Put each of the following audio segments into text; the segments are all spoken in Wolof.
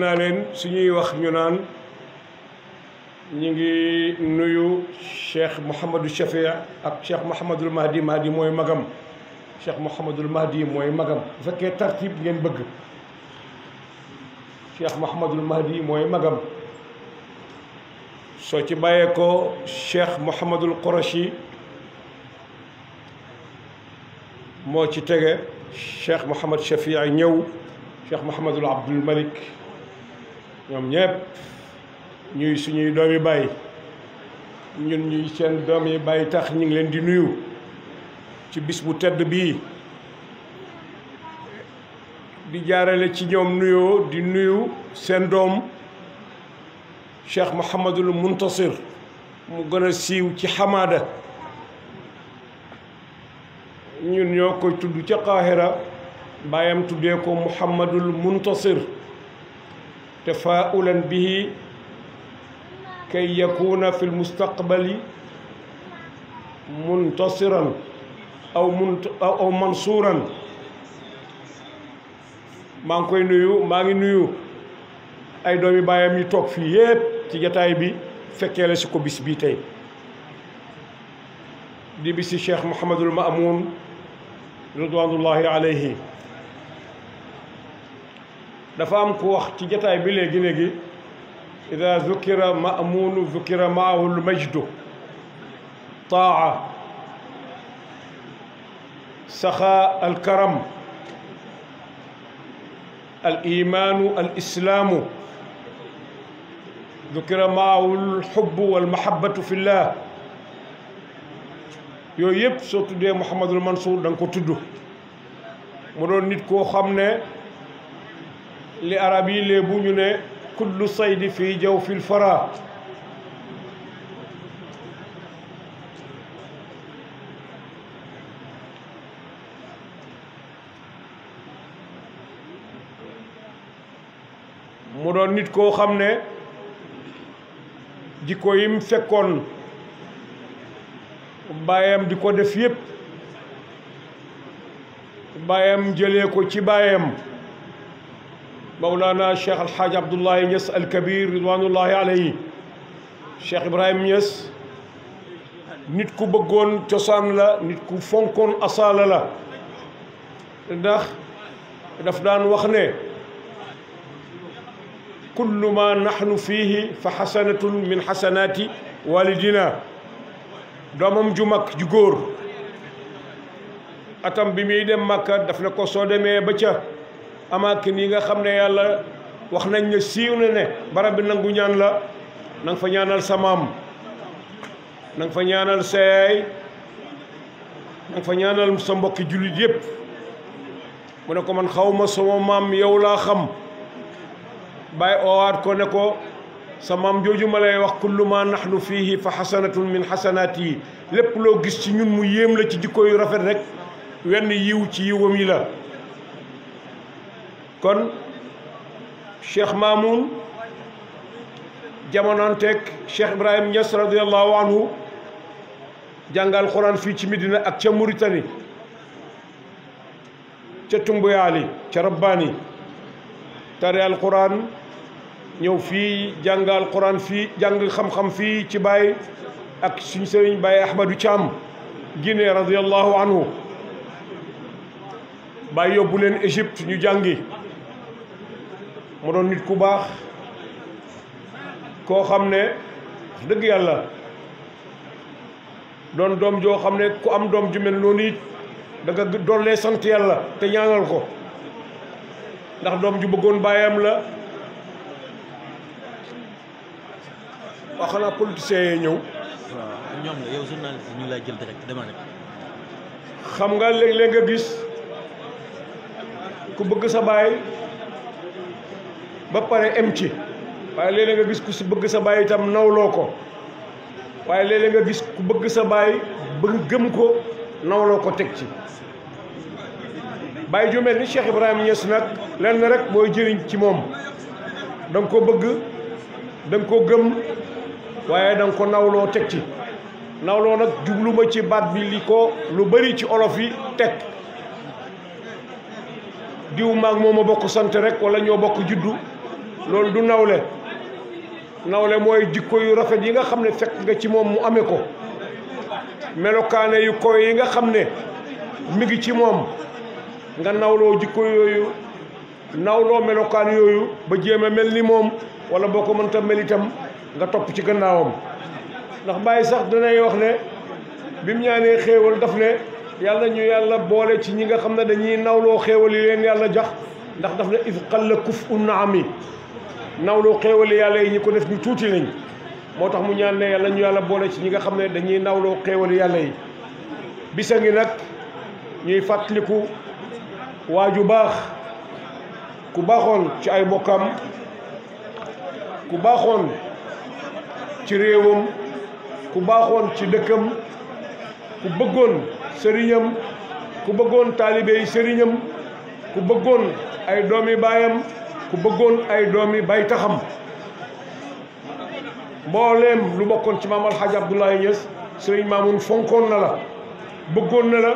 naa leen suñuy wax ñu naan ñu ngi nuyu cheikh mouhamadou shafia ak cheikh mouhamadul mahdi mooy magam cheikh mouhamadul mahdi mooy magam bu fekkee tartib ngeen bëgg cheikh mouhamadul mahdi mooy magam soo ci bàyyee ko cheikh mouhamadul qourachi moo ci tege cheikh mouhamad shafia ñëw cheikh mouhamadul abdul malik ñoom ñëpp ñuy suñuy doomi bàyyi ñun ñuy seen doomi bàyyi tax ñu ngi leen di nuyu ci bis bu tedd bii di jaarale ci ñoom nuyoo di nuyu seen doom Cheikh Mouhamadul Muntasir mu gën a siiw ci xamaada ñun ñoo koy tudd ca Qahira bàyyam tuddee ko Mouhamadul Muntasir تفاؤلا به كي يكون في المستقبل منتصرا أو, منت أو منصورا maa ngi koy nuyu maa ngi nuyu ay doomi baayam yi toog fii yépp ci jataay bi fekkee la si ko bis bii tey di bisi Cheikh Mouhamadul Mamoun ridwanullahi alayhi dafa am ku wax ci jataay bi léegi léegi ida zukira mamuunu zukira maahul majdu taa saxa alkaram al imaanu al islaamu zukira maahul xubbu wal mahabbatu fillah yooyu yëpp soo tuddee Mouhamadul Mansour da nga ko tudd mu doon nit koo xam ne li arab yi léebu ñu ne say saydi fii jaw fil mu doon nit koo xam ne jikko yim fekkoon baayam di ko def yépp baayam jëlee ko ci baayam mawlaana cheikh alxaaj abdullahi ñes alkabir ridwanullahi alayhi cheikh ibrahim ñes nit ku bëggoon cosaan la nit ku fonkoon asaala la ndax daf daan wax ne kullu ma nahnu fiihi fa xasanatun min xasanaati walidina doomam ju mag ju góor atam bi muy dem màkka daf ne ko soo demee ba ca amaakin yi nga xam ne yàlla wax nañ ne siiw na ne barab bi nangu ñaan la na nga fa ñaanal sa maam na fa ñaanal sa yaay na fa ñaanal sa mbokki jullit yépp mu ne ko man xawma sama maam yow laa xam bàyyi oowaat ko ne ko sa maam jooju ma lay wax kullu ma nahnu fiihi fa xasanatun min xasanaat lépp loo gis ci ñun mu yéem la ci jikko yu rafet rek wenn yiw ci yiwam yi la kon cheikh Mamoun jamonoonteeg cheikh Ibrahim Niass radiallahu anhu jàngal xuraan fii ci Medina ak ca Mauritanie ca Tumbuyaali ca Rabbaani tare alquran ñëw fii jàngal quran fii jàng xam-xam fii ci Baye ak suñu sëriñ Baye Ahmadou Thiam Guinée radiallahu anhu Baye yóbbu leen Égypte ñu jàngi mu doon nit ku baax koo xam ne dëgg yàlla doon doom joo xam ne ku am doom ju mel noonu it da nga dollee sant yàlla te ñaanal ko ndax doom ju bëggoon baayam la waaw xanaa politiciens yi ñëw. la jël direct xam nga léeg-léeg nga gis ku bëgg sa baay. ba pare em ci waaye léeg nga gis ku si bëgg sa baay itam nawloo ko waaye léeg nga gis ku bëgg sa baay ba gëm ko nawloo ko teg ci baay ju mel ni Cheikh Ibrahima Niass nag lenn rek booy jëriñ ci moom dang ko bëgg da nga ko gëm waaye da nga ko nawloo teg ci nawloo nag jubluma ci baat bi li ko lu bari ci olof yi teg diw maag moom a bokk sant rek wala ñoo bokk juddu loolu du nawle nawle mooy jikko yu rafet yi nga xam ne fekk nga ci moom mu amee ko melokaane yu koy yi nga xam ne mi ngi ci moom nga nawloo jikko yooyu nawloo melokaan yooyu ba jéem a mel ni moom wala boo ko mënta mel itam nga topp ci gannaawam ndax bàyyi sax danay wax ne bi mu ñaanee xéewal daf ne yàlla ñu yàlla boole ci ñi nga xam ne dañuy nawloo xéewal yi leen yàlla jax ndax daf ne if qalla kuf un naami nawloo xéewali yàlla yi ñi ko def ñu tuuti moo tax mu ñaan ne yàlla yàlla boole ci ñi nga xam ne dañuy nawloo xéewali yàlla yi bisa ngi nag ñuy fàttaliku waa ju baax ku baaxoon ci ay bokkam ku baaxoon ci réewam ku baaxoon ci dëkkam ku bëggoon sëriñam ku bëggoon taalibe yi sëriñam ku bëggoon ay doomi ku bëggoon ay doomi bay taxam mbooleem lu bokkoon ci maam alxaaji Abdoulaye Niass sëriñ Mamoun fonkoon na la bëggoon na la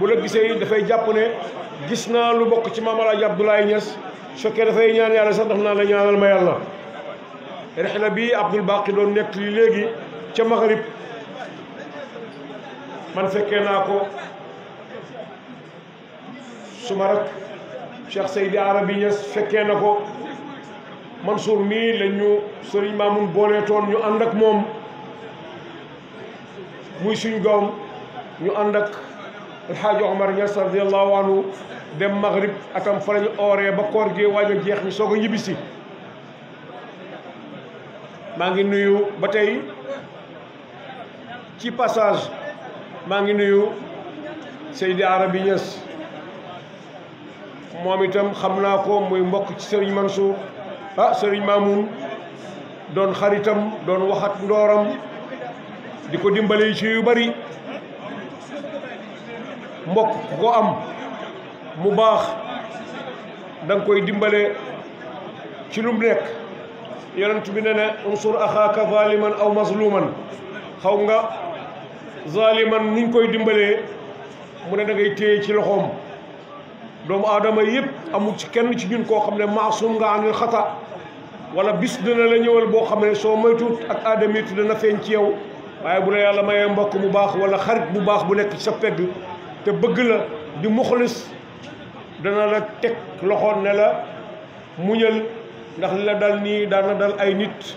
bu la gisee dafay jàpp ne gis naa lu bokk ci maam alxaaji Abdoulaye Niass sokkee dafay ñaan yàlla sax daf naa la ñaanal ma yàlla rexla bii Abdoul Baqi doon nekk li léegi ca Maghrib man fekkee naa ko suma Cheikh Seydi Arabi Niass fekkee na ko Mansour mii la ñu Serigne Mamoun booleetoon ñu ànd ak moom muy suñu gawam ñu ànd ak Alxaaji Omar radiallahu anhu dem Maghrib atam fa lañu ooree ba koor gi waaj jeex ñu soog a ñibbisi maa ngi nuyu ba tey ci passage maa ngi nuyu Seydi Arabi Niass moom itam xam naa ko muy mbokk ci Serigne Mansour ah sëriñ Mamoun doon xaritam doon waxat ndooram di ko dimbale ci yu bari mbokk ku am mu baax da koy dimbale ci lum nekk yonent bi ne ne unsur axaaka zaliman aw mazluman xaw nga zaliman nuñ koy dimbalee mu ne da ngay ci loxoom doomu aadama yëpp amul ci kenn ci ñun koo xam ne maasum nga anil xata wala bis dina la ñëwal boo xam ne soo moytuut ak aadamitu dana feeñ ci yow waaye bu la yàlla mayee mbokk bu baax wala xarit bu baax bu nekk ci sa pegg te bëgg la di muxlis dana la teg loxo ne la muñal ndax li la dal nii daana dal ay nit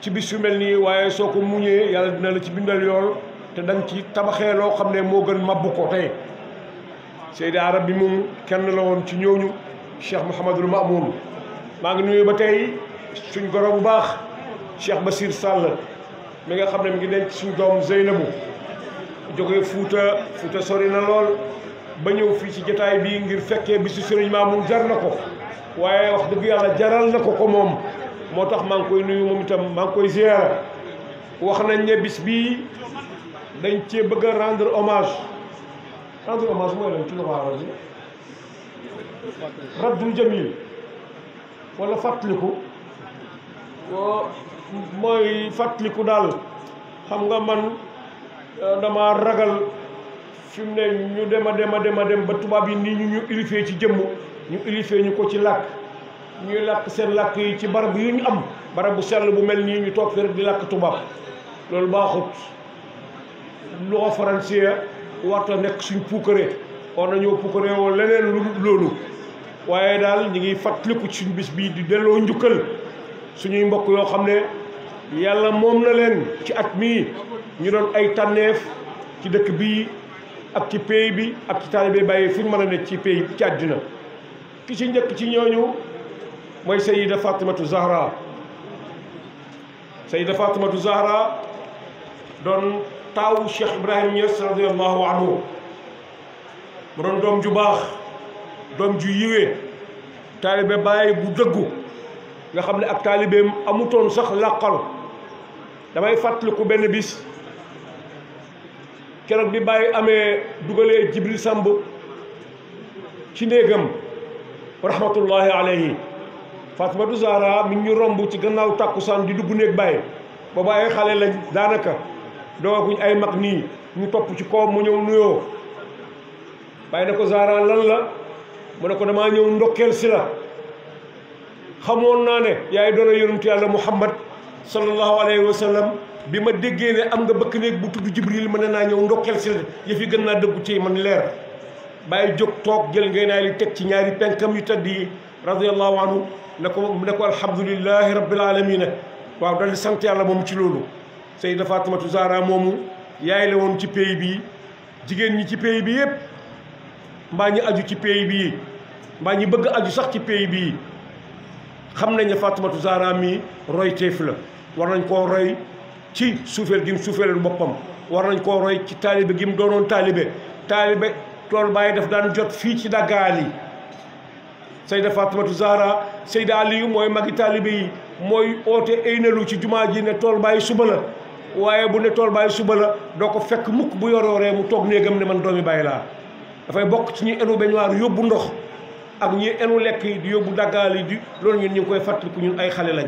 ci bis yu mel nii waaye soo ko muñee yàlla dina la ci bindal yool te da nga ci tabaxee loo xam ne moo gën mabbu ko tey Seydi Arab bi moom kenn la woon ci ñooñu Cheikh Mouhamadul Mamoun maa ngi nuyu ba tey suñ goro bu baax Cheikh siir sàll mi nga xam ne mi ngi denc suñ doom na Zeynabu jógee Fuuta Fuuta sori na lool ba ñëw fii ci jotaay bii ngir fekkee si Sëriñ Mamoun jar na ko waaye wax dëgg yàlla jaral na ko ko moom moo tax maa ngi koy nuyu moom itam maa ngi koy ziyaara wax na ñebbis bis bii dañ cee bëgg a rendre hommage Anzur masmuelan ci luga arab bi raddul jamil wala fàttaliku mooy fàttaliku daal xam nga man euh, dama ragal fi mu ne ñu dem a dem a dem a dem ba tubaab yi nii ñu ñu ilifee ci jëmm ñu ilifee ñu ko ci làkk ñuy làkk seen làkk yi ci barab yu ñu am barab bu sell bu mel nii ñu toog fi rek di làkk tubaab loolu baaxut luga faransiya warta nekk suñ puukaree war nañoo puukaree woon leneen lu loolu waaye daal ñu ngi fàttaliku ci suñu bis bii di delloo njukkal suñuy mbokk yoo xam ne yàlla moom na leen ci at mii ñu doon ay tànneef ci dëkk bi ak ci pays bi ak ci taalibe bàyyi fu ñu mën a nekk ci pays ci àddina ki ci njëkk ci ñooñu mooy Sayida Fatimatu Zahra Sayida Fatimatu Zahra doon taawu Cheikh Ibrahim Niass radiallahu anhu mu doon doom ju baax doom ju yiwee taalibe bàyyi bu dëggu nga xam ne ak taalibeem amutoon sax làqal damay fàttaliku benn bis keroog bi bàyyi amee dugalee Jibril Samb ci néegam rahmatullahi alayhi Fatimatu Zahra mi ñu romb ci gannaaw tàkkusaan di dugg néeg bàyyi boobu ay xale lañ daanaka dooguñ ay mag nii ñu topp ci koom mu ñëw nuyoo bàyyi na ko Zahra lan la mu ne ko damaa ñëw ndokkeel si la xamoon naa ne yaay doona yonent yàlla Muhammad sallallahu alayhi wa sallam bi ma déggee ne am nga bëkk néeg bu tudd Jibril mën ne naa ñëw ndokkeel si la yëf yi gën naa dëggu ci man leer bàyyi jóg toog jël ngay naa li teg ci ñaari penkam yu tedd yi radiyallahu anhu ne ko ne ko alhamdulillahi rabbil alamina waaw dal sant yàlla moom ci loolu Sayda Fatimatu Zahra moomu yaay la woon ci pays bi jigéen ñi ci pays bi yépp mbaa ñi aju ci pays bi mbaa ñi bëgg aju sax ci pays bi xam nañ ne Fatimatu Zahra mi roy teef la war nañ koo roy ci suufeel gi mu suufeeloon boppam war nañ koo roy ci taalibe gi mu doonoon taalibe taalibe tool bàyyi daf daan jot fii ci daggaal yi Sayda Fatimatu Zahra Sayda Aliyu mooy magi taalibe yi mooy oote aynalu ci jumaa ji ne tool bàyyi suba la waaye bu ne tool bàyyi suba la doo ko fekk mukk bu yorooree mu toog néegam ne man doomi bàyyi laa dafay bokk ci ñu enu beñuwaar yóbbu ndox ak ñi enu lekk di yóbbu daggaal yi di loolu ñun ñu ngi koy fàttaliku ñun ay xale lañ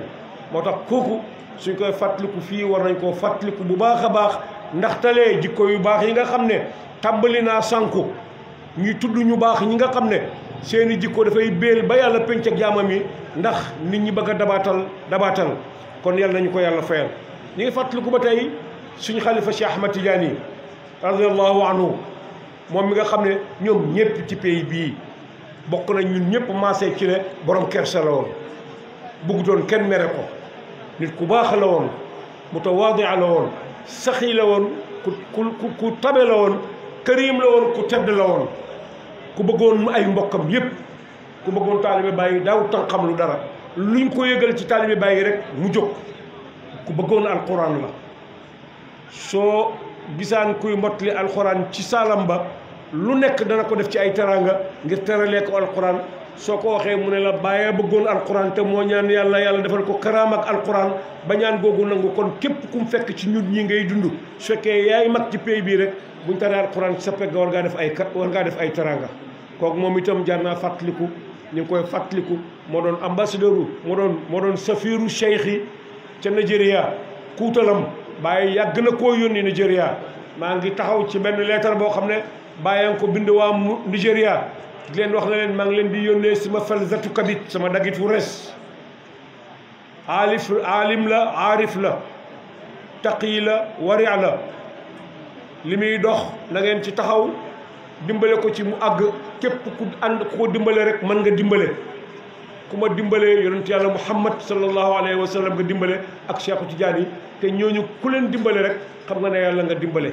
moo tax kooku suñ koy fàttaliku fii war nañ koo fàttaliku bu baax a baax ndaxtalee jikko yu baax yi nga xam ne tàmbali naa sànku ñu tudd ñu baax ñi nga xam ne seeni jikko dafay béel ba yàlla pénc ak jaamam yi ndax nit ñi bëgg a dabaatal dabaatal kon yàlla nañu ko yàlla fayal ñu ngi fàttaliku ba tey suñu xalifa Cheikh Ahmad Tidiane yi radiallahu anhu moom mi nga xam ne ñoom ñëpp ci pays bii bokk na ñun ñëpp maase ci ne borom kersa la woon bëggutoon kenn mere ko nit ku baax la woon mutawaadi la woon saxi la woon ku ku ku tabe la woon kërim la woon ku tedd la woon ku bëggoon ay mbokkam yëpp ku bëggoon taalibe bàyyi daaw tànqam lu dara lu ñu ko yëgal ci taalibe bàyyi rek mu jóg ku bëggoon alxuraan la soo gisaan kuy mottali alxuraan ci saalam ba lu nekk dana ko def ci ay teraanga ngir teralee ko alxuraan soo ko waxee mu ne la bàyyee bëggoon alxuraan te moo ñaan yàlla yàlla defal ko karaam ak alxuraan ba ñaan googu nangu kon képp ku mu fekk ci ñun ñi ngay dund su fekkee yaay mag ci pays bii rek buñ taree alxuraan ci sa pegg war ngaa def ay war ngaa def ay teraanga kook moom itam jar naa fàttaliku ñu ngi koy fàttaliku moo doon ambassadeur ca Nigeria kuutalam Baye yàgg na koo yónni Nigeria maa ngi taxaw ci benn leetar boo xam ne bàyyi ko bind waa Nigeria di leen wax na leen maa ngi leen di yónnee sama falzatu kabit sama dagit wu res alif alim la aarif la yi la wari la li muy dox na ci taxaw dimbale ko ci mu àgg képp ku ànd koo dimbale rek mën nga dimbale ku ma dimbalee yonent yàlla muhammad sallallahu alayhi wa sallam nga dimbale ak ci Tijaan yi te ñooñu ku leen dimbale rek xam nga ne yàlla nga dimbale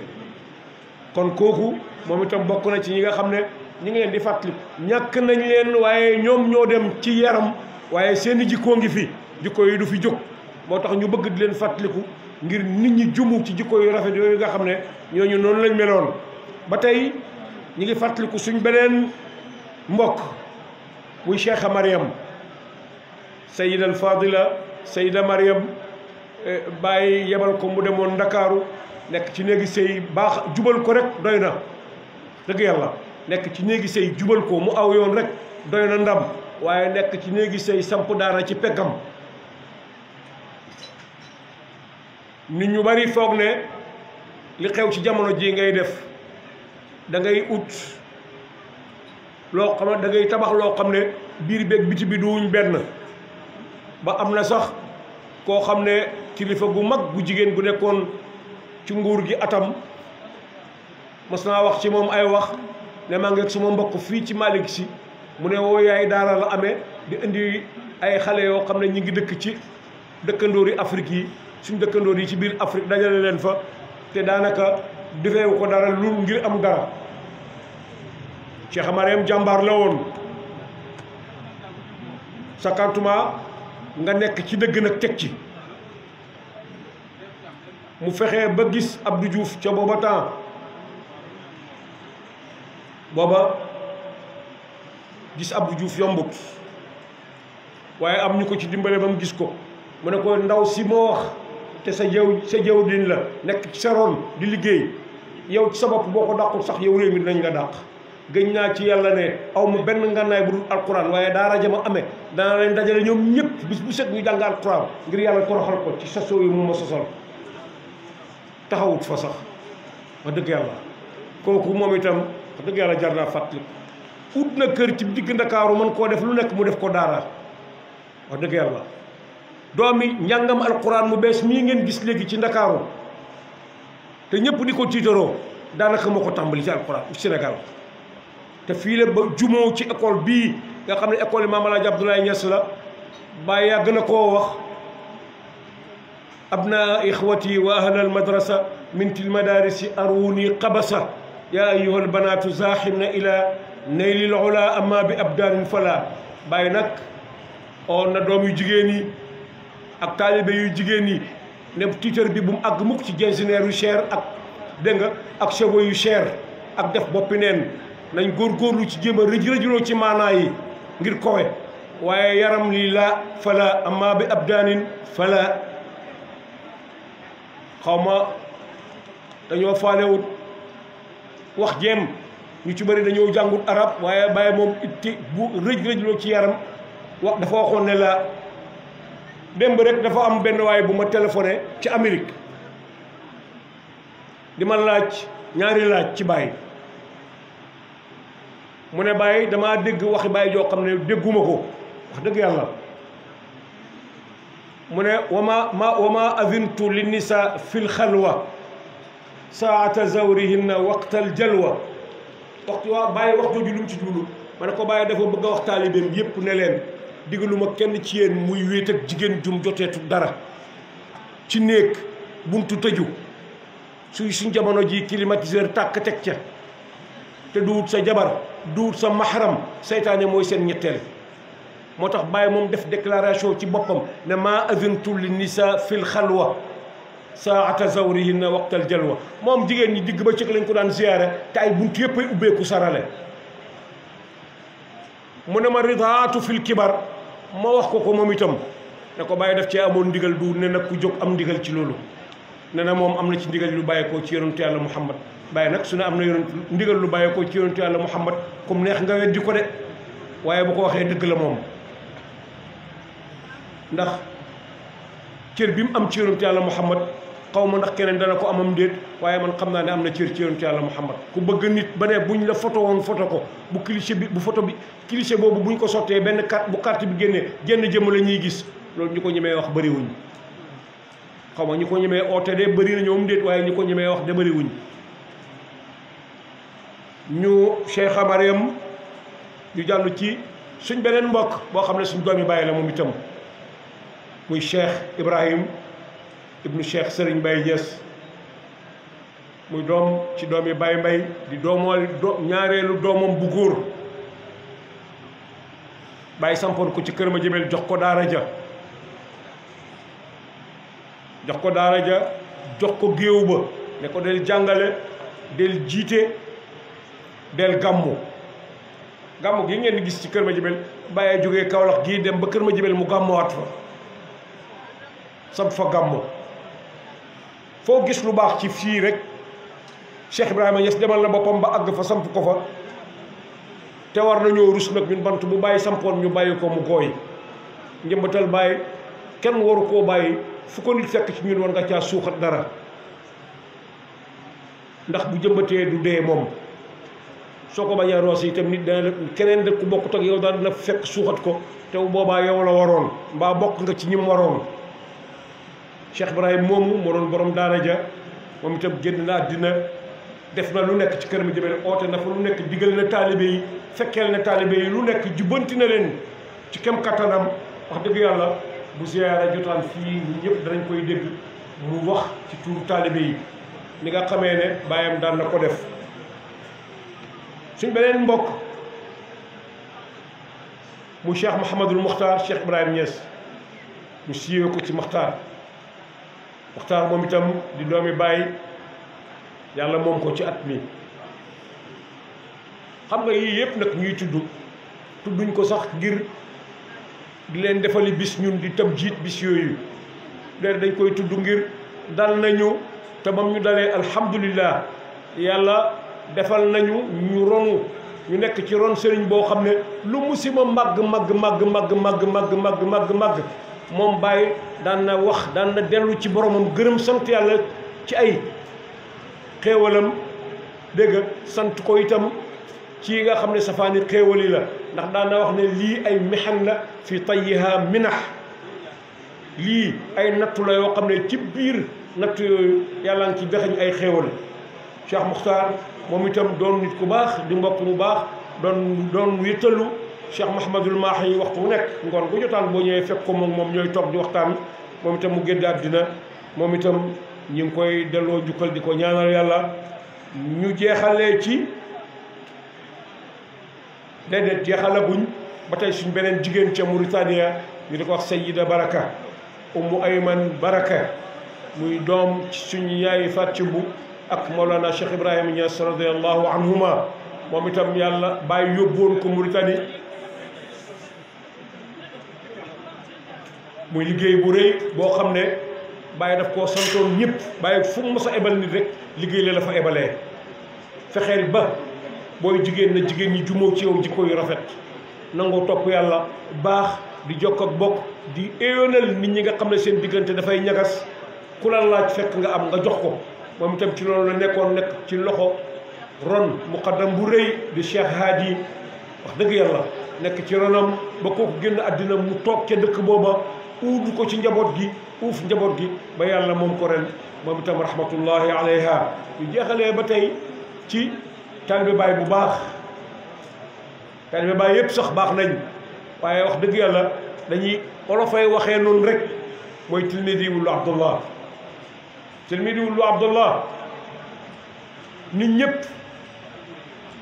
kon kooku moom itam bokk na ci ñi nga xam ne ñi ngi leen di fàttali ñàkk nañu leen waaye ñoom ñoo dem ci yaram waaye seeni jikkoo ngi fi jikko yi du fi jóg moo tax ñu bëgg di leen fàttaliku ngir nit ñi jumu ci jikkoo yu rafet yooyu nga xam ne ñooñu noonu lañ meloon ba tey ñi ngi fàttaliku suñ beneen mbokk muy Cheikha Mariam sayida al fadila sayida mariam eh, bàyyi yebal ko mu demoon ndakaaru nekk ci néegi sëy baax jubal ko rek doy na dëgg yàlla nekk ci néegi sëy jubal ko mu aw yoon rek doy na ndam waaye nekk ci néegi sëy samp daara ci peggam nit ñu bari foog ne li xew ci jamono ji ngay def dangay ut loo xam ne da tabax loo xam ne biir beeg biti bi duwuñ benn ba am na sax koo xam ne kilifa gu mag gu jigéen gu nekkoon ci nguur gi atam mos naa wax ci moom ay wax ne maa ngi suma mbokk fii ci Malick si mu ne woo yaay daara la amee di indi ay xale yoo xam ne ñi ngi dëkk ci dëkkandoor yi Afrique yi suñ dëkkandoor yi ci biir Afrique dajale leen fa te daanaka defeewu ko dara lu ngir am dara Cheikh jàmbaar la woon sakantuma nga nekk ci dëgg na teg ci mu fexe ba gis Abdou Diouf ca booba temps booba gis Abdou Diouf yombut waaye am ñu ko ci dimbale ba mu gis ko mu ne ko ndaw si moo wax te sa jëw sa jëw din la nekk ci sa roon di liggéey yow ci sa bopp boo ko dàqul sax yow réew mi dinañ nga dàq gëñ naa ci yàlla ne aw ma benn ngànnaay bu dul alquran waaye daara jama amee danaa leen dajale ñoom ñëpp bis bu set ñu jàng alquran ngir yàlla toroxal ko ci sasoo yi mu ma sosol taxawut fa sax wax dëgg yàlla kooku moom itam wax dëgg yàlla jar naa fàttali ut na kër ci digg ndakaaru mën koo def lu nekk mu def ko daara wax dëgg yàlla doomi njàngam alquran mu bees mii ngeen gis léegi ci ndakaaru te ñëpp di ko tiitaroo daanaka moo ko tàmbali ci alquran te fii ba jumoo ci école bii nga xam ne école yi Maam Alaaji Abdoulaye la bàyyi yàgg na koo wax ab abnaa ixwati wa ahlal madrasa mintil madarisi aruni qabasa yaa ayyuhal banaatu zaaximna ila naylil ula amma bi ab abdaanin fala bàyyi nag on na doom yu jigéen yi ak taalibe yu jigéen yi ne tiitar bi bu mu àgg mukk ci ingénieur yu cher ak dégg nga ak cheveux yu cher ak def boppi neen góor góorlu ci jéem a rëj rëjloo ci maanaa yi ngir kowe waaye yaram lii la fala amma bi abdaanin fala xaw ma dañoo faalewut wax jeem ñu ci bëri dañoo jàngut arab waaye bàyyi moom itti bu rëj rëjloo ci yaram wax dafa waxoon ne la démb rek dafa am benn waaye bu ma téléphoné ci Amérique di ma laaj ñaari laaj ci bàyyi mu ne bàyyi damaa dégg waxi bàyyi joo xam ne dégguma ko wax dëgg yàlla mu ne wama ma wama azintu li nisa fi lxalwa saata zawrihinna waqtal jalwa waxtu waa bàyyi wax jooju lu ci jublu ma ne ko bàyyi dafa bëgg a wax taalibeem yépp ne leen digalu kenn ci yéen muy wéet ak jigéen jum joteetu dara ci néeg buntu tëju su suñ jamono ji climatiseur tàkk teg ca te duut sa jabar duwut sa maxaram seytaane mooy seen ñetteel moo tax bàyyi moom def déclaration ci boppam ne maa azintu li nisa fil xalwa saata zawrihinna waqtal jalwa moom jigéen ñi digg ba cëg lañ ko daan ziyaare te ay bunt yëpp ay ubbeeku sarale mu ne ma ridaatu fil kibar ma wax ko ko moom itam ne ko bàyyi def ci amoon ndigal du ne na ku jóg am ndigal ci loolu ne na moom am na ci ndigal lu bàyyeekoo ci yonentu yàlla muhammad bàyyi nag su ne am na yonent ndigal lu bàyyi ko ci yonentu yàlla muhammad kum neex nga weddi ko de waaye bu ko waxee dëgg la moom ndax cër bi mu am ci yonentu yàlla muhammad xaw ma ndax keneen dana ko amam déet waaye man xam naa ne am na cër ci yonentu yàlla muhammad ku bëgg nit ba bu buñ la foto woon photo ko bu cliché bi bu photo bi cliché boobu bu buñ ko sottee benn carte bu carte bi génnee jenn jëmm la ñuy gis loolu ñu ko ñemee wax bariwuñ xaw ma ñu ko ñemee oote de bëri na ñoom déet waaye ko ñemee wax de ñu Cheikh Mariam ñu jàll ci suñ beneen mbokk boo xam ne suñ doomi bàyyi la moom itam muy Cheikh Ibrahim ibnu Cheikh Serigne Mbaye Niass muy doom ci doomi Baye Mbaye di doom ñaareelu doomam bu góor Baye sampoon ko ci kër ma jëmel jox ko daara ja jox ko daara ja jox ko géew ba ne ko del jàngale del jiite del gàmmu gàmmu gi ngeen gis ci kër ma jibel bàyyee jóge Kaolack gii dem ba kër ma jibel mu gàmmuwaat fa sab fa gàmmu foo gis lu baax ci fii rekk rek Cheikh Ibrahima Niass demal na boppam ba àgg fa samp ko fa te war nañoo rus nag ñun bant bu bàyyi sampoon ñu bàyyi ko mu gooy njëmbatal bàyyi kenn waru koo bàyyi fu ko nit fekk ci ñun war nga caa suuxat dara ndax bu jëmbatee du dee moom soo ko bañee roos itam nit dana keneen da ku bokk toog yow daal dina fekk suuxat ko te bu boobaa yow la waroon mbaa bokk nga ci ñim waroon Cheikh Ibrahim moomu moo doon boroom daara ja moom itam génn na àddina def na lu nekk ci kër ma jëmee oote na fa lu nekk digal ne taalibe yi fekkeel ne taalibe yi lu nekk jubbanti na leen ci kem kattanam wax dëgg yàlla bu ziyaara jotaan fii ñëpp danañ koy dégg mu wax ci tuur taalibe yi ni nga xamee ne bàyyam daan na ko def suñ beneen mbokk mu cheikh Mouhamadul Mokhtar cheikh Ibrahim Niass ñu siiwee ko ci Mokhtar Mokhtar moom itam di doomi bàyyi yàlla moom ko ci at mi xam nga yii yëpp nag ñuy tudd tudduñ ko sax ngir di leen defali bis ñun di tab jiit bis yooyu déedéet dañ koy tudd ngir dal nañu te bam ñu dalee alhamdulillah yàlla defal nañu ñu ronu ñu nekk ci ron sëriñ boo xam ne lu musiba màgg màgg màgg màgg màgg màgg màgg màgg màgg moom Baye daan na wax daan na dellu ci boromam gërëm sant yàlla ci ay xéewalam dégg sant ko itam ci yi nga xam ne safaani xéewal la ndax daan na wax ne lii ay mexan la fi tayyiha minax lii ay nattu la yoo xam ne ci biir natt yooyu yàlla ci dexañ ay xéewal Cheikh Muxtaar moom itam doon nit ku baax di mbokk mu baax doon doon wéttalu Cheikh Mahamadul Mahi yi waxtu wu nekk ngoon bu jotaan boo ñëwee fekk ko moom moom ñooy toog di waxtaan moom itam mu génn àddina moom itam ñu ngi koy delloo njukkal di ko ñaanal yàlla ñu jeexalee ci déedéet jeexalaguñ ba tey suñ beneen jigéen ca Mauritania ñu di ko wax Sayida Baraka Umu Ayman Baraka muy doom ci suñu yaay Fatimbu ak Mawlana Cheikh Ibrahima Niass radiallahu anhuma moom itam yàlla bàyyi yóbboon ko Mauritanie muy liggéey bu rëy boo xam ne bàyyi daf ko santoon ñëpp bàyyi fu mu mës a ebal nit rek liggéey la fa ebalee fexeel ba booy jigéen na jigéen ñi jumo ci yow jikko yu rafet nangoo topp yàlla baax di jokk ak bokk di éyonal nit ñi nga xam ne seen diggante dafay ñagas ku la laaj fekk nga am nga jox ko moom itam ci loolu la nekkoon nekk ci loxo ron muqaddam bu rëy di Cheikh Haadi wax dëgg yàlla nekk ci ronam ba kooku génn àddina mu toog ca dëkk booba uudu ko ci njaboot gi uuf njaboot gi ba yàlla moom ko ren moom itam rahmatullahi alayha yu jeexalee ba tey ci taalibe baay bu baax taalibe baay yëpp sax baax nañ waaye wax dëgg yàlla dañuy olofay waxee noonu rek mooy tilmidi wulu abdullah tirmidi wullu abdullah nit ñëpp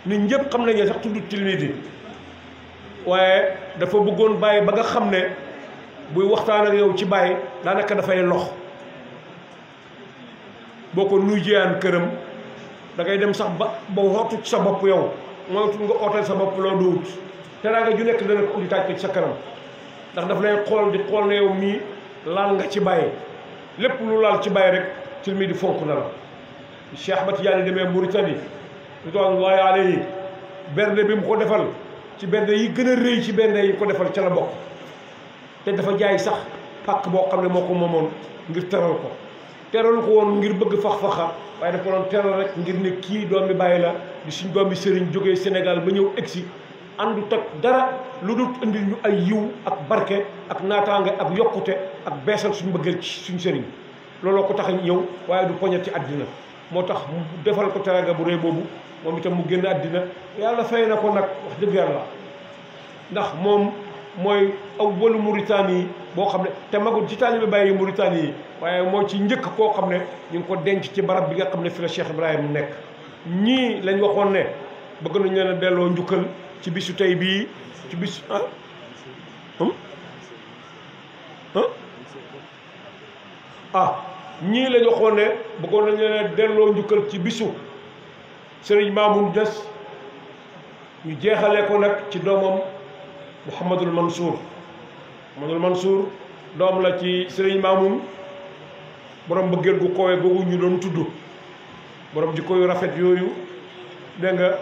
nit ñëpp xam nañu sax tudd tirmidi waaye dafa bëggoon bàyyi ba nga xam ne buy waxtaan ak yow ci bàyyi daanaka dafay lox boo ko nuy jiyaan këram da dem sax ba ba wootu ci sa bopp yow moytu nga ooteel sa bopp loo duwut teraanga ju nekk dana ko uddi taaj ko sa kanam ndax daf lay xool di xool ne yow mii laal nga ci bàyyi lépp lu laal ci bàyyi rek Tirmidi fonk na la Cheikh Ahmad Tidiane demee Mauritanie ridwanullahi alayhi bernde bi mu ko defal ci bernde yi gën a rëy ci bernde yi ko defal ca la bokk te dafa jaay sax pàkk boo xam ne moo ko moomoon ngir teral ko teral ko woon ngir bëgg fax-faxa waaye ko doon teral rek ngir ne kii doom bi bàyyi la di suñ doom bi sëriñ jógee Sénégal ba ñëw egsi àndu teg dara lu dul indil ñu ay yiw ak barke ak naataange ak yokkute ak beesal suñu bëggeel ci suñu sëriñ looloo ko tax ñëw waaye du poñet ci àddina moo tax mu defal ko teraanga bu rëy boobu moom itam mu génn àddina yàlla fay na ko nag wax dëgg yàlla ndax moom mooy aw walu Mauritanie yi boo xam ne te magul ci taalibe bàyyi Mauritanie yi waaye moo ci njëkk koo xam ne ñu ngi ko denc ci barab bi nga xam ne fi la Cheikh Ibrahim nekk ñii lañ waxoon ne bëgg nañ leen delloo njukkal ci bisu tey bii ci bisu ah ah ñii lañu waxoon ne bëggoon nañu leen delloo njukkal ci bisu sëriñ Mamoun Niass ñu jeexale ko nag ci doomam Mouhamadul Mansour Mouhamadul Mansour doom la ci sëriñ Mamoun borom bëggeel gu koowee boobu ñu doon tudd borom jikko yu rafet yooyu dégg nga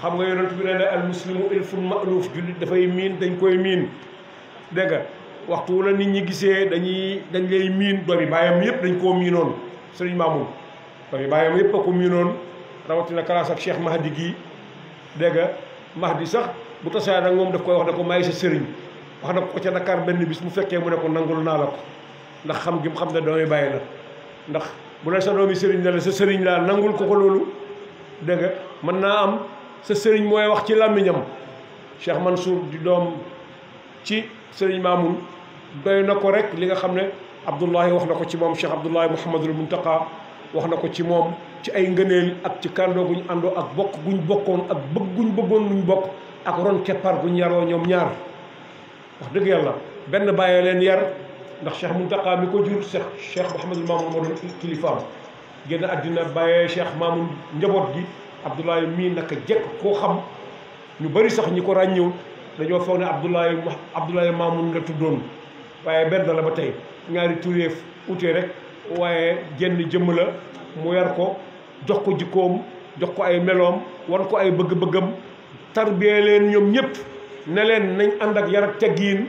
xam nga yonent bi ne ne al muslimu ilfun ma'luf jullit dafay miin dañ koy miin dégg waxtu wu la nit ñi gisee dañuy dañ lay miin doomi baayam yëpp dañ koo miinoon sëriñ Mamoun doomi bàyyam yëpp a ko miinoon rawatina classe ak Cheikh Mahdi gii dégg nga di sax bu tasaare nag moom daf koy wax ne ko maay sa sëriñ wax na ko ca Dakar benn bis mu fekkee mu ne ko nangul naa la ko ndax xam gi xam ne doomi bàyyi la ndax bu la sa doomi sëriñ ne la sa sëriñ laa nangul ko ko loolu dégg mën naa am sa sëriñ mooy wax ci làmmiñam Cheikh Mansour di sëriñ Mamoun doy na ko rek li nga xam ne Abdullahi wax na ko ci moom Cheikh Abdullahi Mouhamadul Muntaqa wax na ko ci moom ci ay ngëneel ak ci kàndoo guñ àndoo ak bokk guñ bokkoon ak bëgg bëggoon bëggoon ñu bokk ak ron gu guñ yaroo ñoom ñaar wax dëgg yàlla benn bàyyee leen yar ndax Cheikh Muntaqa mi ko jur Cheikh Cheikh Mouhamadul Mamoun moo doon kilifaam génn àddina bàyyee Cheikh Mamoun njaboot gi Abdoulaye mii naka jekk koo xam ñu bari sax ñi ko ràññew dañoo foog ne Abdoulaye Abdoulaye Mamoun la tuddoon waaye benn la ba tey ñaari turéef utee rek waaye jenn jëmm la mu yar ko jox ko jikkoom jox ko ay meloom wan ko ay bëgg-bëggam tarbiyee leen ñoom ñëpp ne leen nañ ànd ak yar ak teggiin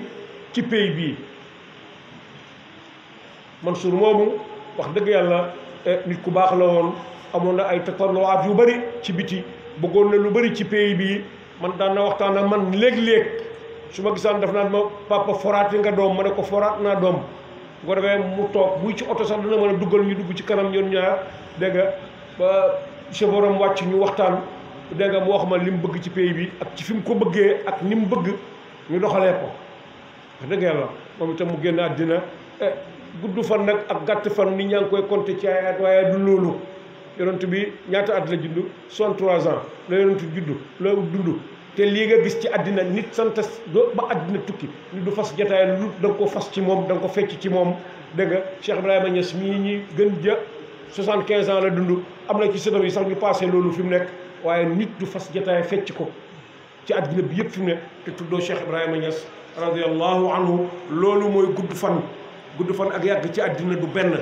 ci pays bii Mansour moomu wax dëgg yàlla eh, nit ku baax la woon amoon na ay tatorlowaat yu bari ci biti bëggoon na lu bari ci pays bii man daan na waxtaan ak man léeg-léeg su ma gisaan daf naa ma papa foraat nga doom ma ne ko foraat naa doom bu ko defee mu toog buy ci oto sax dina mën a duggal ñu dugg ci kanam ñoom ñaar dégg nga ba chauffeur am wàcc ñu waxtaan dégg nga mu wax ma li mu bëgg ci pays bi ak ci fi mu ko bëggee ak ni mu bëgg ñu doxalee ko wax la yàlla moom itam mu génn àddina eh, gudd fan nag ak gàtt fan nit ñaa ngi koy compter ci ay waaye du loolu yonent bi ñaata at la judd 63 ans la yonent juddu la dund te lii nga gis ci àddina nit santa sant ba àddina tukki nit du fas jotaay lu da nga ko fas ci moom da nga ko fecc ci moom dégg nga Cheikh a Niass mi ñi gën ja 75 ans la dund am na ci sënam yi sax ñu passé loolu fi mu nekk waaye nit du fas jotaay fecc ko ci àddina bi yëpp fi mu ne te tuddoo Cheikh Ibrahima Niass radiallahu anhu loolu mooy gudd fan gudd fan ak yàgg ci àddina du benn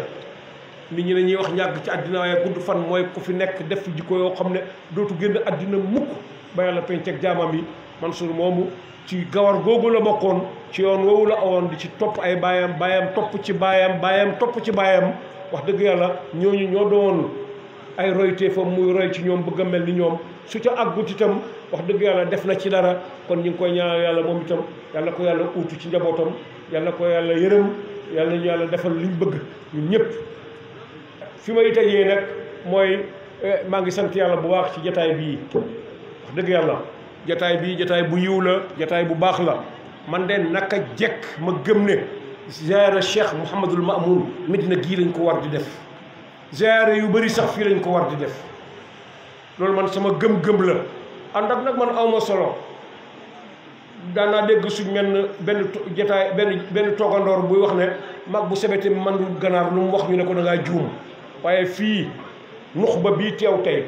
nit ñi dañuy wax ñàgg ci àddina waaye gudd fan mooy ku fi nekk def jikko yoo xam ne dootu génn àddina mukk ba yàlla penc ak jaamam yi Mansour moomu ci gawar googu la bokkoon ci yoon woowu la awoon di ci topp ay baayam baayam topp ci baayam baayam topp ci baayam wax dëgg yàlla ñooñu ñoo doon ay royteefam muy roy ci ñoom bëgg a mel ni ñoom su ca àggut itam wax dëgg yàlla def na ci dara kon ñu ngi koy ñaanal yàlla moom itam yàlla ko yàlla uutu ci njabootam yàlla ko yàlla yërëm yàlla ñu yàlla defal liñ bëgg ñun ñëpp fi may tëjee nag mooy eh, maa ngi sant yàlla bu baax ci jataay bii dëgg yàlla jataay bi jataay bu yiw la jataay bu baax la man de naka jekk ma gëm ne ziyaara cheikh mouhamadul mamoun medina gii lañ ko war di def ziyaara yu bëri sax fii lañ ko war di def loolu man sama gëm-gëm la ànd ak nag man awma solo daanaa dégg suñ menn benn jataay benn benn toogandoor buy wax ne mag bu sebete mandu ganaar lu mu wax ñu ne ko da ngaa juum waaye fii nuxba bii teew tey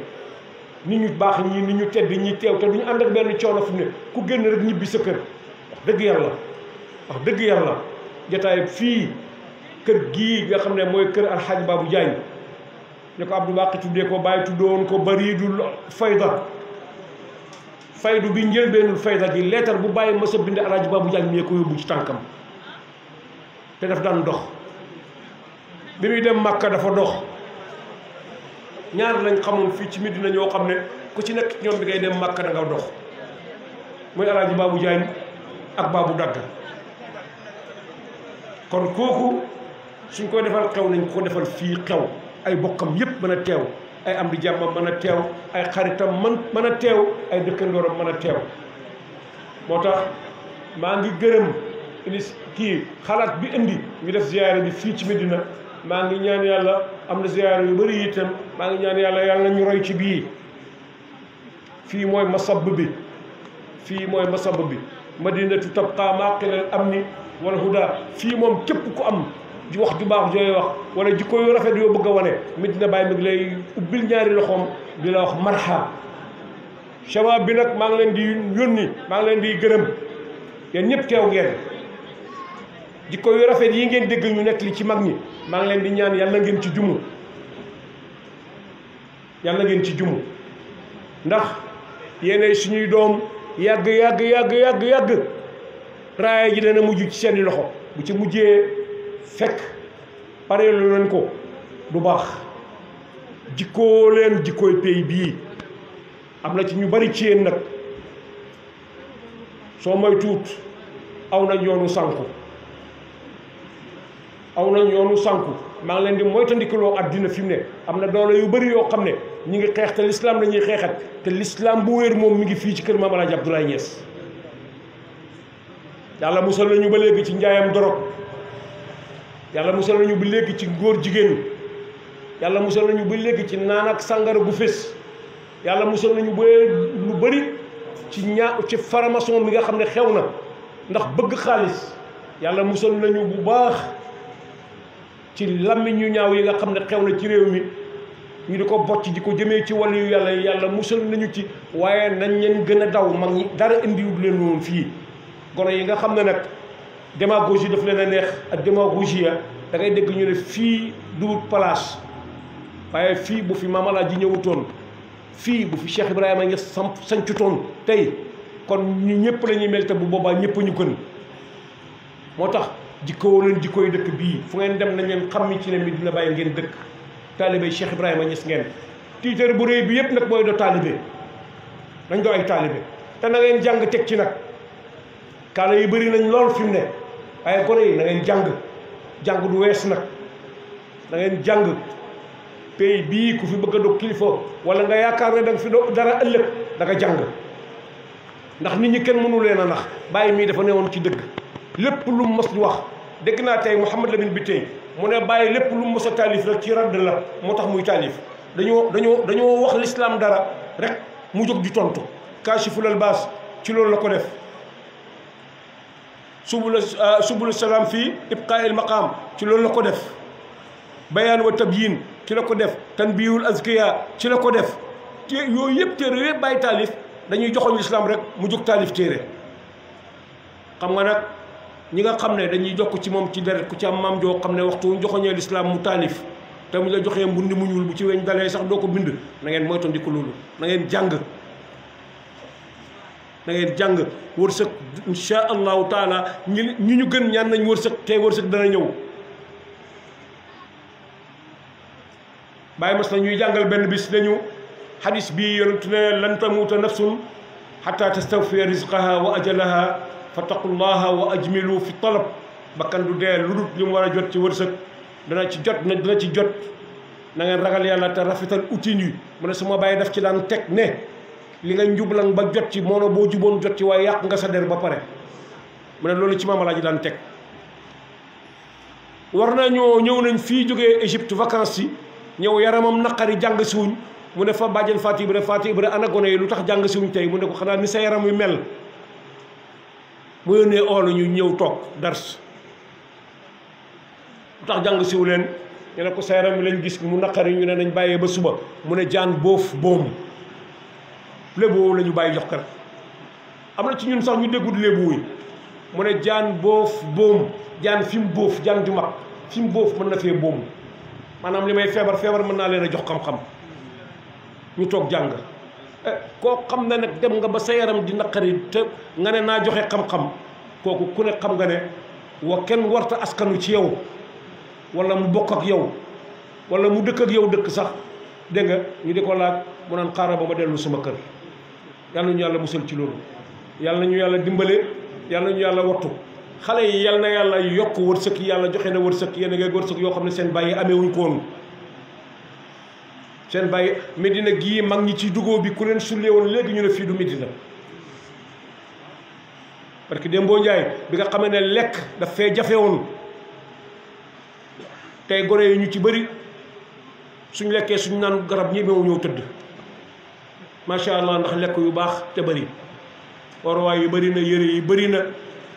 nit ñu baax ñi nit ñu tedd ñi teew te duñu ànd ak benn coono fu ne ku génn rek ñibbi sa kër wax dëgg yàlla wax dëgg yàlla jotaay fii kër gii nga xam ne mooy kër alxaaj Babou Diagne ñu ko Abdou Bakhi tuddee ko bàyyi tuddoon ko bariidul fayda faydu bi njëlbeenul fayda gi leetar bu bàyyi mës a bind alxaaj Babou Diagne mi ko yóbbu ci tànkam te daf daan dox bi muy dem Màkka dafa dox ñaar lañ xamoon fii ci Medina ñoo xam ne ku ci nekk ñoom bi ngay dem Màkka da nga dox muy alaaji Babou Diagne ak Babou Dagga kon kooku suñ koy defal xew nañ ko defal fii xew ay bokkam yépp mën a teew ay am bi jàmmam mën a teew ay xaritam mën mën a teew ay dëkkandooram mën a teew moo tax maa ngi gërëm inis kii xalaat bi indi ñu def ziyaare bi fii ci Medina maa ngi ñaan yàlla am na ziyaar yu bëri itam maa ngi ñaan yàlla yàlla ñu roy ci bii fii mooy masab bi fii mooy masab bi ma madinatu tabqa am ni wal huda fii moom képp ku am wax ju baax jooy wax wala jikko yu rafet yoo bëgg a wane Medina Baye mi ngi lay ubbil ñaari loxoom di la wax marha shabab bi nag maa ngi leen di yónni maa ngi leen di gërëm yéen ñëpp teew ngeen jikko yu rafet yi ngeen dégg ñu li ci mag ñi maa ngi leen di ñaan yàlla ngeen ci jumu yàlla ngeen ci jumu ndax yéenay suñuy doom yàgg yàgg yàgg yàgg yàgg raaya ji dana mujj ci seeni loxo bu ci mujjee fekk pareelu leen ko du baax jikkoo leen jikkooy pay bii am na ci ñu bari ci yéen nag soo moy tuut aw nañ yoonu sànku aw nañ yoonu sànku maa ngi leen di moytandikuloo àddina fi mu ne am na doole yu bari yoo xam ne ñu ngi xeex te lislaam la ñuy xeexat te lislaam bu wéer moom mi ngi fii ci kër Maam Alaaji Abdoulaye Niass yàlla musal nañu ba léegi ci njaayam dorog yàlla musal nañu ba léegi ci góor jigéen yàlla musal nañu ba léegi ci naan ak sàngara bu fés yàlla musal nañu ba lu bari ci ñaa ci faramason bi nga xam ne xew na ndax bëgg xaalis yàlla musal nañu bu baax ci làmmiñ ñu ñaaw yi nga xam ne xew na ci réew mi ñu di ko bocc di ko jëmee ci wàllu yu yàlla yàlla musal nañu ci waaye nañ leen gën a daw mag ñi dara indiwul leen woon fii gone yi nga xam ne nag démagogie daf leen a neex ak démagogie ya da ngay dégg ñu ne fii duwut place waaye fii bu fi Maam Alaaji ñëwutoon fii bu fi Cheikh a nga samp sancutoon tey kon ñu ñëpp la ñuy bu boobaa ñëpp ñu gën moo tax jikkoo leen jikkooy dëkk bii fu ngeen dem nañ leen xam ni ci ne mi dina bàyyi ngeen dëkk taalibe Cheikh Ibrahima Niass ngeen tiitër bu réy bi yëpp nag mooy do taalibe nañ do ay taalibe te na ngeen jàng teg ci nag kaala yi bëri nañ lool fi mu ne waaye gone yi na ngeen jàng jàng du wees nag na jàng pays bii ku fi bëgg a doog kilifa wala nga yaakaar ne da nga fi doog dara ëllëg da jàng ndax nit ñi kenn mënu leen a nax bàyyi mii dafa newoon ci dëgg lépp lu mu mos di wax dégg naa tey Mouhamed Lamine bi tey mu ne bàyyi lépp lu mu mos taalif rek ci radd la moo tax muy taalif dañoo dañoo dañoo wax l'islam dara rek mu jóg di tontu kaashiful baas ci loolu la ko def subul euh, subul salaam fii ibqaa il maqaam ci loolu la ko def bayaan wa tabyin ci la ko def tanbihul azkiya ci la ko def te yooyu yëpp téere yëpp bàyyi taalif dañuy joxoñ l'islam rek mu jóg taalif téere xam nga nag ñi nga xam ne dañuy jokk ci moom ci deret ku ci am maam joo xam ne waxtu joxoñee lislaam mu taalif te mu la joxee mbundi mu ñuul bu ci weñ dalee sax doo ko bind na ngeen moytandiku loolu na ngeen jàng na ngeen jàng wërsëg insha allahu taala ñi ñi ñu gën ñaan nañ wërsëg te wërsëg dana ñëw bàyyi mas na ñuy jàngal benn bis dañu xadis bii yonent ne lan tamuuta nafsun xatta tastawfiya rizqaha wa ajalaha fattaqullaha wa ajmilu fi talab bakkan du dee lu dul li war a jot ci wërsëg dana ci jot na dina ci jot na ngeen ragal yàlla te rafetal utin yi mu ne suma bàyyi daf ci daan teg ne li nga njublan ba jot ci moo boo juboon jot ci waaye yàq nga sa der ba pare mu ne loolu ci maam Alaaji daan teg war nañoo ñëw leen fii jóge Égypte vacances yi ñëw yaramam naqari jàng siwuñ mu ne fa bàjjen Fatou Ibra Fatou Ibra ana yi lu tax jàng siwuñ tey mu ne ko xanaa ni sa yaram wi mel mu yónnee oolu ñu ñëw toog dars lu tax jàng siwu leen ñu ne ko sa yaram bi lañ gis mu naqari ñu ne nañu bàyyee ba suba mu ne jaan boof boomu lébu lañu la ñu bàyyi jox ko am na ci ñun sax ñu déggut lébu wuy mu ne jaan boof boomu jaan fi mu boof jaan ju mag fi mu boof mën na fee boomu maanaam li may feebar feebar mën naa leen a jox xam-xam ñu toog jàng Eh, koo xam ne nag dem nga ba sa yaram di naqari te nga ne naa joxe xam-xam kooku ku ne xam nga ne wa kenn warta askanu ci yow wala mu bokk ak yow wala mu dëkk ak yow dëkk sax dégg nga ñu di ko laaj mu naan xaaral ba ma dellu suma kër yal na ñu yàlla musal ci loolu yal na ñu yàlla dimbale yal na ñu yàlla wattu xale yi yal na yàlla yokk wërsëg yàlla joxe na wërsëg yéen ngay wërsëg yoo xam ne seen bàyyi amee wuñ ko woon seen bàyyi Medina gii mag ñi ci dugóo bi ku leen sullee woon léegi ñu ne fii du Medina parce que Dembo Njaay bi nga xamee ne lekk daf fee jafe woon tey gone yi ñu ci bëri suñ lekkee suñ naan garab ñi meew ñëw tëdd macha allah ndax lekk yu baax te bëri warwaay yu bëri na yére yi bëri na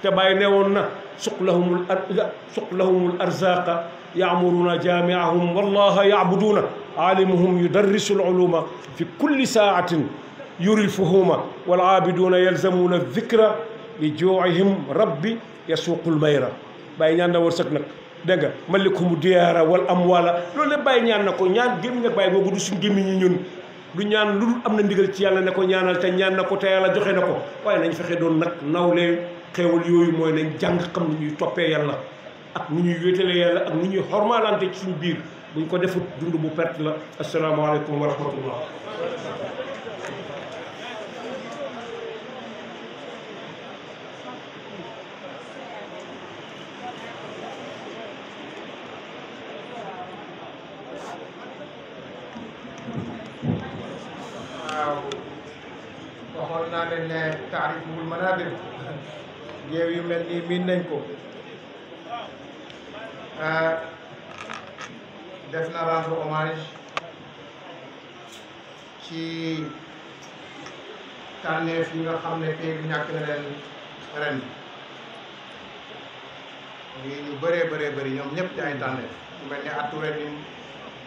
te bàyyi ne woon na suq lahumul ar yaamuruuna jaamiahum wallaha yaabuduuna aalimuhum yudarrisu aluluma fi kulli saatin yuri fuhuma walaabiduuna yalzamuuna dikra li juucihim rabbi yasuuqul mayra bàyyi ñaan na wërsëg nag dégg nga malikumu diyaara wal amwaala loolu lépp bàyyi ñaan na ko ñaan gémmiñ nag bàyyi googu du suñ gémmiñ ñi ñun du ñaan lu am na ndigal ci yàlla ne ko ñaanal te ñaan na ko te yàlla joxe na ko waaye nañ fexe doon nag nawle xeewal yooyu mooy nañ jàng xam ne ñuy toppee yàlla ak nu ñuy wéetale yàlla ak nu ñuy xormaalante ci suñu biir buñ ko defut dund bu perte la asalaamaaleykum wa rahmatullah waxoon yu mel nii miin nañ ko Euh, def na rendre hommage ci tànneef yi nga xam ne kii bi ñàkk na leen ren yi ñu bëree bëree bëri ñoom ñëpp di ay tànneef su mel ne attu ren